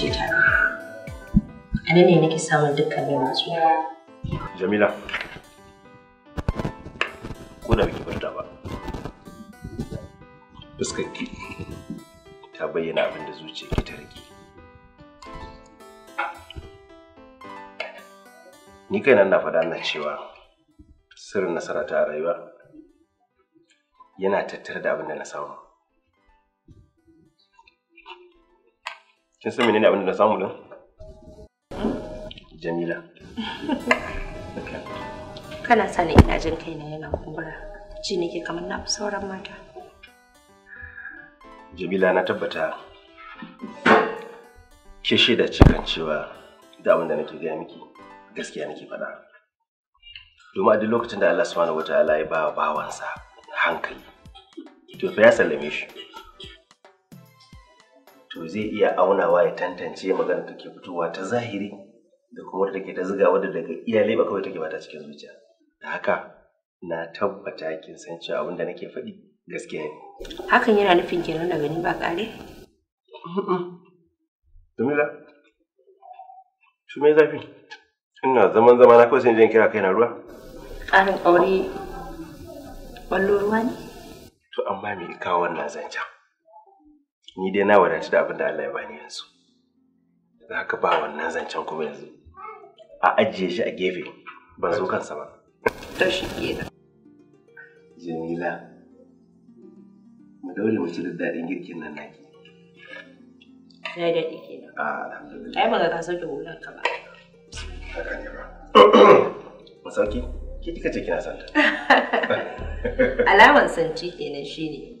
ce ta a nan ne nake samun dukkanin masu jamila ko da biki barta ba fuskarki ta bayyana abin da zuciya ta rage ni kaina na faɗa na cewa sirrin nasara ta rayuwa yana tattare da abin da na samu kin san menene abin da na samu din jamila kana sani ina jin kaina yana kumbura ji nake kamar na sauran mata jamila na tabbata ke shaida ce kan cewa da abin da nake gaya miki gaskiya nake faɗa domin a duk lokacin da Allah subhanahu wataala ya ba bawansa hankali to fa ya sallame shi to zai iya aunawa ya tantance magana take fitowa ta zahiri da kuma da take ta zigawa da daga iyalai ba kawai take bata cikin zuciya da haka na tabbata kin san cewa abin da nake faɗi gaskiya ne hakan yana nufin kenan da gani ba kare Jamila, shi mai zafi ina zaman zama na kawai sai jin kira kai na ruwa ƙarin aure ballo ruwa ne to amma me kawo wannan zancen ni dai na wadatu da abin da Allah ya bani yanzu za ka ba wannan zancen kuma yanzu a ajiye shi a gefe ban zo kansa ba Tashi kenan jamila mu dole mu ci daɗin girkin nan naki ya daɗi kenan ai ba ga ka sauke hular ka ba ka ne ba mu ke kika ce kina santa alaman sanci kenan shine ne.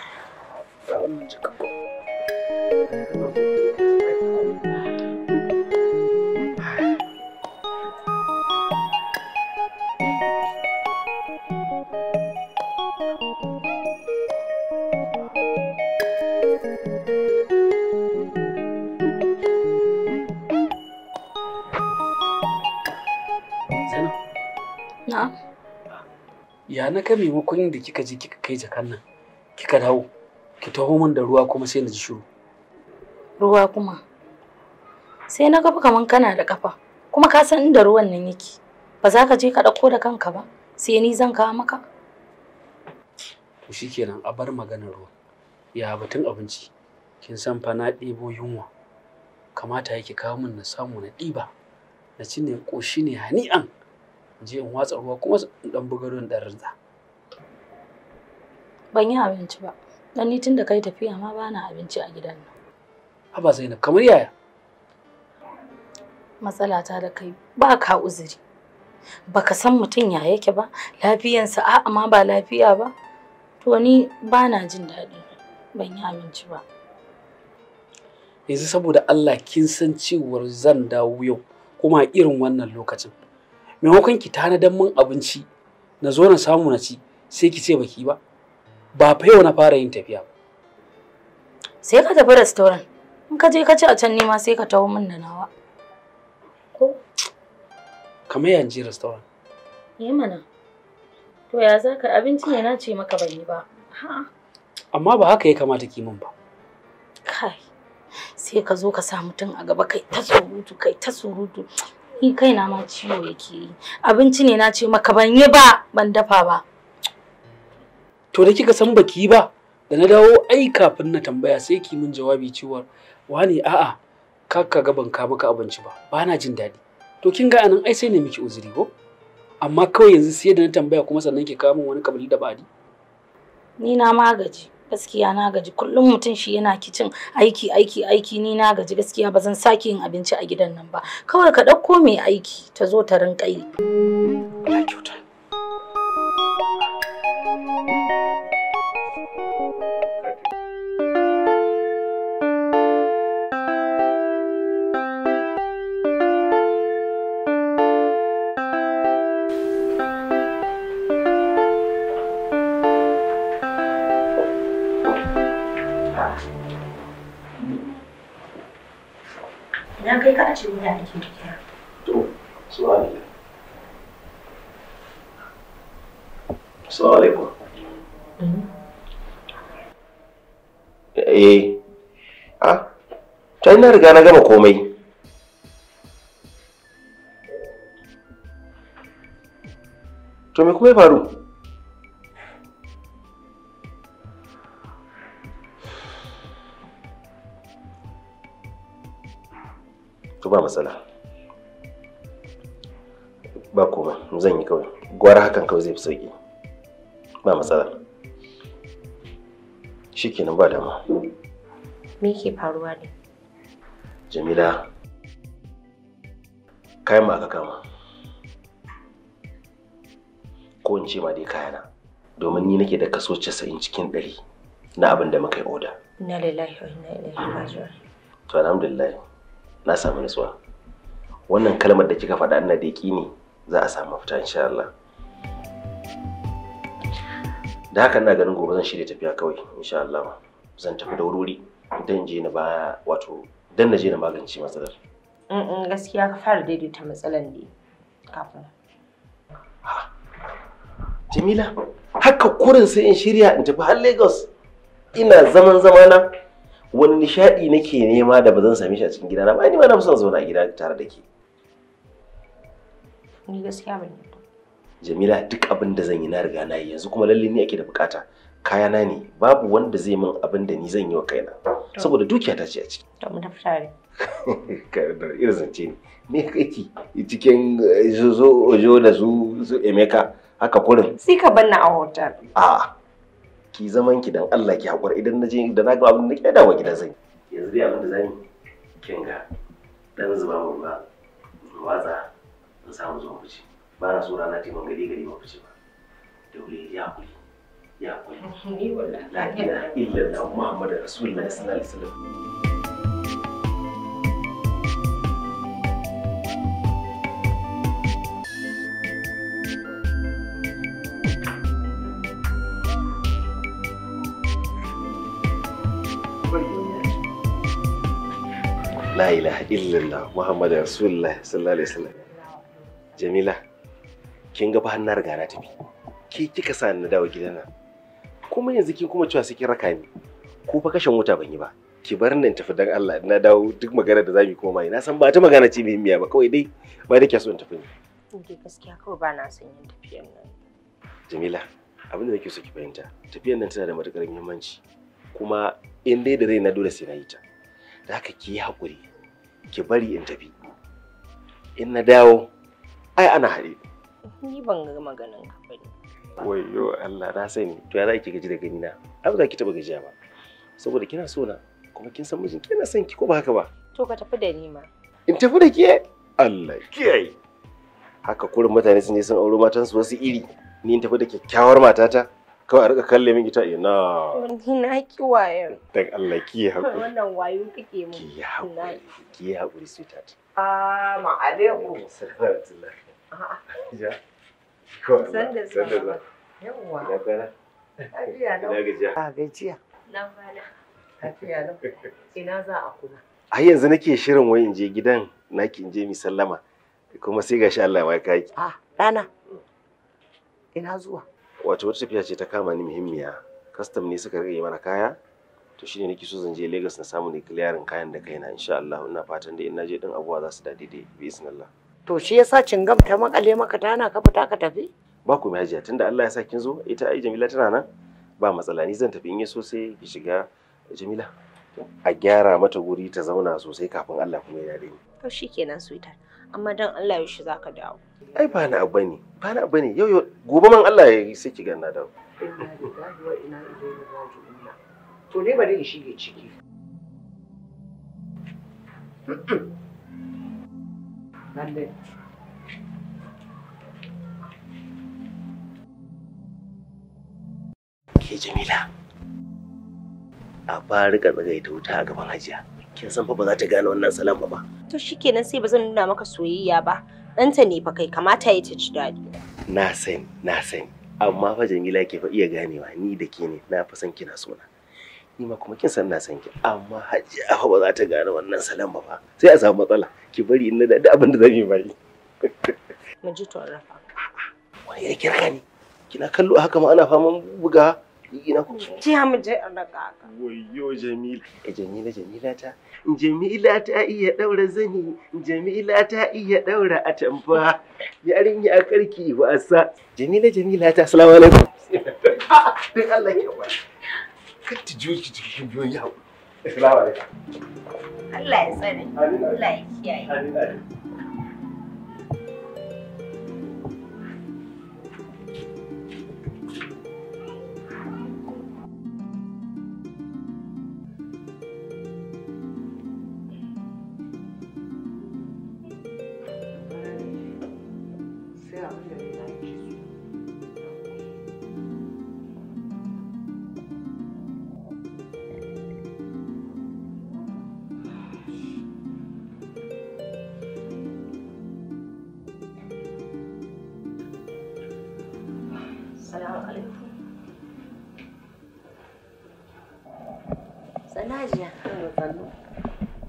Ya na kame maimakon da kika je kika kai jakan nan, kika dawo. ki taho min da ruwa kuma sai na ji shiru ruwa kuma sai na gaba kaman kana da kafa kuma ka san inda ruwan nan yake ba za ka je ka ɗauko da kanka ba sai ni zan kawo maka to shikenan a bar maganar ruwa ya batun abinci kin san fa na ɗebo yunwa kamata yake kawo min na samu na ɗiba na ci ne ƙoshi ne hani'an je in watsa ruwa kuma in ɗan buga don ɗan rinza ban yi abinci ba Dan ni tun da kai tafiya ma bana abinci a gidan nan. Haba Zainab, kamar yaya? Matsala ta da kai ba ka uzuri. Baka san mutum ya yake ba, lafiyansa a'a ma ba lafiya ba. To ni bana jin daɗi, ban yi abinci ba. Yanzu saboda Allah kin san cewar zan dawo yau kuma irin wannan lokacin. Maimakon ki dan min abinci na zo na samu na ci sai ki ce baki ba. ba fa yau na fara yin tafiya sai ka tafi restaurant in ka je ka ci a can nema sai ka taho min da nawa ko kamar yanzu restaurant yi mana to ya za ka abinci ne na ce maka ban yi ba amma ba haka ya kamata ki min ba kai sai ka zo ka sa mutum a gaba kai ta surutu kai ta surutu ni kaina ma ciwo yake yi abinci ne na ce maka ban yi ba ban dafa ba to da kika san baki ba da na dawo ai kafin na tambaya sai ki min jawabi cewa wani a'a kaka ga ban ka maka abinci ba ba na jin daɗi to kin ga anan ai sai ne miki uzuri ko amma kawai yanzu sai da na tambaya kuma sannan ki kawo min wani kabili da ba'adi ni na magaji gaskiya na gaji kullum mutum shi yana kicin aiki aiki aiki ni na gaji gaskiya ba zan sake yin abinci a gidan nan ba kawai ka ɗauko mai aiki ta zo ta rinƙa yi. kai ka ajiye waya ke da To, assalamu Assalamu alaikum. Mm-hmm. Eh. Ah, ta na riga na gama komai. To me kuma ya faru? to ba matsala ba komai zan yi kawai gwara hakan kawai zai fi sauki ba matsala shikenan ba dama me ke faruwa ne jamila kayan ma aka kama ko in ce ma dai kayana domin ni nake da kaso 90 cikin 100 na abin da muka yi oda. Inna lillahi wa inna ilaihi raji'un. To alhamdulillah. na samu nutsuwa wannan kalmar da kika faɗa ina da yaƙini za a samu mafita insha Allah da haka ina ganin gobe zan shirya tafiya kawai insha Allah zan tafi da wuri dan je na ba wato dan na je na magance matsalar in mm, mm, gaskiya ka fara daidaita matsalar ne kafin Jamila haka kurin sai in shirya in tafi har Lagos ina zaman zamana wani nishaɗi nake nema da ba zan same shi a cikin gidana ba ni ma na fi son zauna a gida tare da ke ni gaskiya ba Jamila duk abin da zan yi na riga na yi yanzu kuma lalle ni ake da bukata kayana ne babu wanda zai min abin da ni zan yi wa kaina saboda dukiya ta ce a ciki to mun tafi tare irin zance ne me kake cikin eh, zo zo da su su emeka haka kurin sai ka banna a hotel a'a ki zaman ki dan Allah ki haƙura idan na je da na ga abin da ke dawo gidan zai. yanzu dai abin da zan kin ga dan zuba mu ba watsa in samu zuwa mu ci ba na so rana ce ban gari gari ba fice ba dole ya kuli ya kuli ni wallahi la ilaha illallah muhammadur rasulullahi sallallahu alaihi wasallam la ilaha illallah muhammadu rasulullah sallallahu alaihi wasallam jamila kin ga ba na riga na tafi Ki kika sa na dawo gidana kuma yanzu kin kuma cewa sai kin raka ni ko fa kashin wuta ban yi ba ki bar nan tafi dan Allah na dawo duk magana da zamu koma na san ba ta magana ce mai miya ba kawai dai ba da so in tafi ne ke gaskiya kawai ba na son yin tafiyan nan jamila abin da nake so ki fahimta tafiyan nan tana da matukar muhimmanci kuma in dai da rai na dole sai na yi ta da haka ki yi haƙuri ki bari in tafi in na dawo ai ana haɗe ni ban ga maganin ka bane wayo Allah na sani to ya zaki gaji da gani na ai ba za ki taba gajiya ba saboda kina so na kuma kin san mijin kina son ki ko ba haka ba to ka tafi da ni ma in tafi da ke Allah kiyaye haka kurin mutane sun je sun auro matansu wasu iri ni in tafi da kyakkyawar matata kawai a rika kalle min ita ina ni na ki wayan dan Allah ki hakuri wannan wayo kake mu ki hakuri ki hakuri sweetheart ah ma alaikum a'a ja san da san da yawa da kana lafiya ah, na gajiya a gajiya nan bana lafiya na ina za a kula ai yanzu nake shirin wai in je gidan naki in je mi sallama kuma sai gashi Allah ya kaki ah dana ina zuwa wato wata tafiya ce ta kama ni muhimmiya custom ne suka rage mana kaya to shine nake so zan je Lagos na samu ne clearing kayan da kaina insha Allah ina fatan da in naje din abuwa za su dade dai bi bismillah to shi yasa cingam ta makale maka tana ka fita ka tafi ba ku mai hajiya tunda Allah ya sa kin zo ita ai Jamila tana nan ba matsala ni zan tafi in yi so sai ki shiga Jamila a gyara mata guri ta zauna sosai kafin Allah kuma ya dade to shikenan sweetheart amma dan Allah yaushe za ka dawo ai ba na abu ne ba na abu ne yau yau gobe man Allah ya yi sai ki ga na dawo to ne bari in shige ciki lalle ke jamila a fara karɓar ta wuta a gaban hajiya kin san fa ba za ta gane wannan salon ba to shikenan sai ba zan nuna maka soyayya ba ɗanta ne fa kai kamata ya ta ci daɗi na sani na sani amma fa Jamila ke fa iya ganewa ni da ke ne na fa san kina sona ni ma kuma kin san na san ki amma hajiya fa ba za ta gane wannan salon ba sai a samu matsala ki bari in na da abin da zan yi bari mun ji tsoron rafa wani ya kira ni kina kallo haka ma ana faman buga ina ku ci ha mu je an raka ka wayyo jamila e, jamila jamila ta jamila ta iya daura zani jamila ta iya daura atamfa yarinya karki wasa jamila jamila ta assalamu alaikum duk Allah ta juki alaikum Allah ya tsare Allah ya kiyaye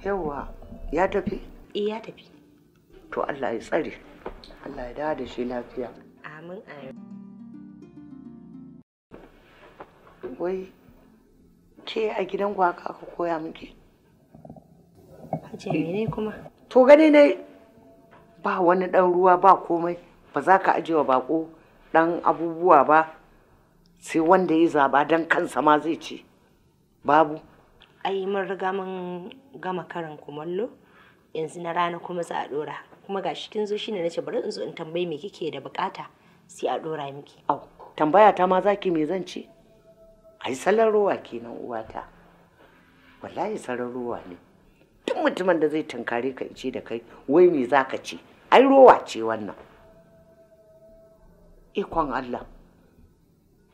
Yawwa, ya tafi? Eh ya tafi. To Allah ya tsare. Allah ya dawo da shi lafiya. Amin amin. Wai ke a gidan gwaka ka koya miki? ajiye ne kuma? To gani ne ba wani ɗan ruwa ba komai ba za ka aje wa bako ɗan abubuwa ba sai wanda ya zaba don kansa ma zai ce babu. ai mun riga mun gama karin kumallo yanzu na rana kuma za a dora kuma ga shi kin zo shine nace bari in zo in tambaye me kike da bukata sai a dora miki au tambaya ta ma zaki me zan ci ai salon ruwa kenan uwata wallahi salon ruwa ne duk mutumin da zai tunkare ka ice da kai wai me zaka ci ai rowa ce wannan ikon Allah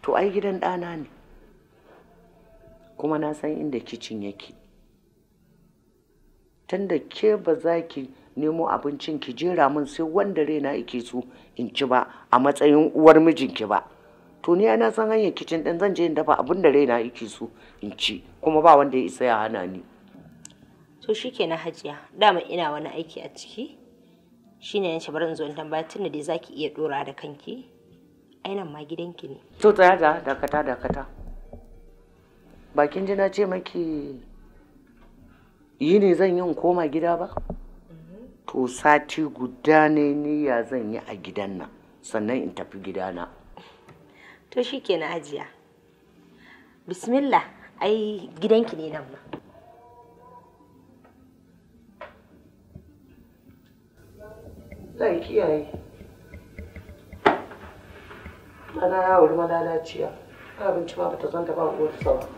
to ai gidan ɗana ne kuma na san inda kicin yake tunda ke ba za ki nemo abincin ki jera min sai wanda raina yake so in ci ba a matsayin uwar mijinki ba to ni na san hanyar kicin din zan je in dafa abin da raina yake so in ci kuma ba wanda ya isa ya hana ni to shi ke na hajiya dama ina wani aiki a ciki shine yanci bari in zo in tambaya da dai za ki iya ɗora da kanki ainihin ma gidanki ne to tsaya da dakata dakata bakin ji na ce maki yi ne zan yi koma gida ba to sati guda ne niyya zan yi a gidan nan sannan in tafi gidana to shi ke na ajiya bismillah ai gidanki ne nan ma zai kiyaye ana yawon malalaciya abinci ma bata zanta ba uwarsa ba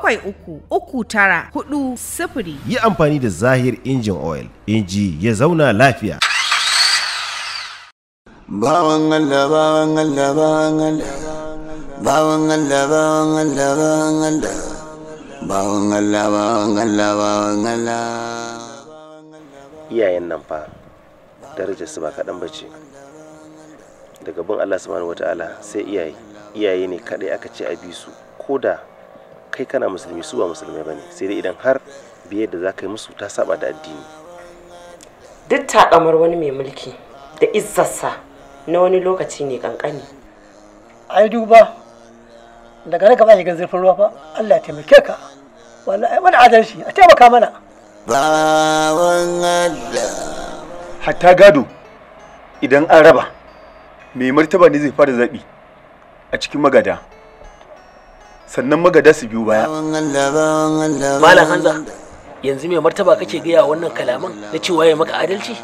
bakwai uku uku tara hudu sifiri. Yi amfani da Zahir injin oil, inji ya zauna lafiya. Bawan Allah, bawan Allah, bawan Allah, bawan Allah, bawan Allah, bawan Allah, bawan Allah, bawan Allah, bawan Allah. Iyayen nan fa, darajarsu ba kaɗan ba ce. Daga bin Allah subhanahu wa ta'ala sai iyaye, iyaye ne kaɗai aka ce a bi su, ko da kai kana musulmi su ba musulmai bane sai dai idan har biyar da za ka yi musu ta saba da addini duk takamar wani mai mulki da izzarsa na wani lokaci ne kankani ai duba daga nan gaba shiga zurfin ruwa fa Allah ya taimake ka wallahi mun adalci a taimaka mana bawan Allah hatta gado idan an raba mai martaba ne zai fara zabi a cikin magada sannan magada su biyu baya malam hanza yanzu mai martaba kake gaya wannan kalaman na cewa ya maka adalci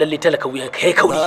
lalle talaka wuyan kai kauri